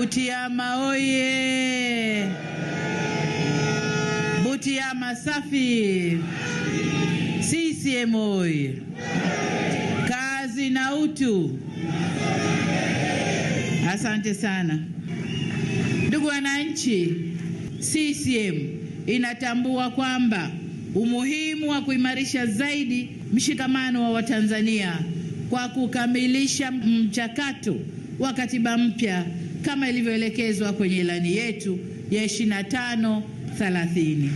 Butiama oye! Butiama safi! CCM oye! Kazi na utu! Asante sana ndugu wananchi, CCM inatambua kwamba umuhimu wa kuimarisha zaidi mshikamano wa Watanzania kwa kukamilisha mchakato wa katiba mpya kama ilivyoelekezwa kwenye ilani yetu ya 25 30.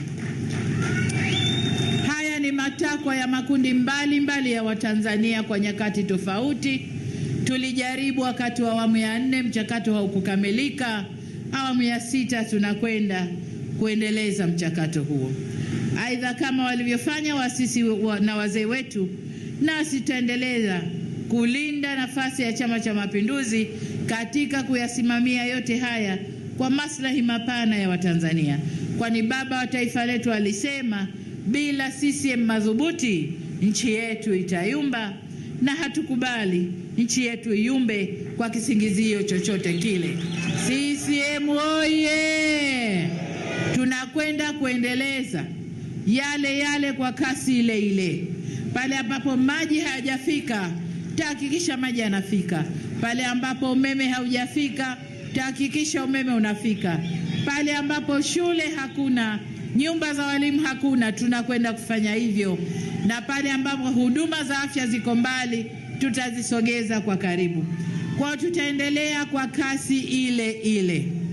Haya ni matakwa ya makundi mbalimbali mbali ya Watanzania kwa nyakati tofauti. Tulijaribu wakati wa awamu ya nne, mchakato haukukamilika. Awamu ya sita tunakwenda kuendeleza mchakato huo. Aidha, kama walivyofanya waasisi na wazee wetu, nasi tutaendeleza kulinda nafasi ya Chama cha Mapinduzi katika kuyasimamia yote haya kwa maslahi mapana ya Watanzania, kwani baba wa taifa letu alisema bila CCM madhubuti nchi yetu itayumba, na hatukubali nchi yetu iyumbe kwa kisingizio chochote kile. CCM oye! Tunakwenda kuendeleza yale yale kwa kasi ile ile. Pale ambapo maji hayajafika tahakikisha maji yanafika. Pale ambapo umeme haujafika, tahakikisha umeme unafika. Pale ambapo shule hakuna, nyumba za walimu hakuna, tunakwenda kufanya hivyo, na pale ambapo huduma za afya ziko mbali, tutazisogeza kwa karibu. Kwao tutaendelea kwa kasi ile ile.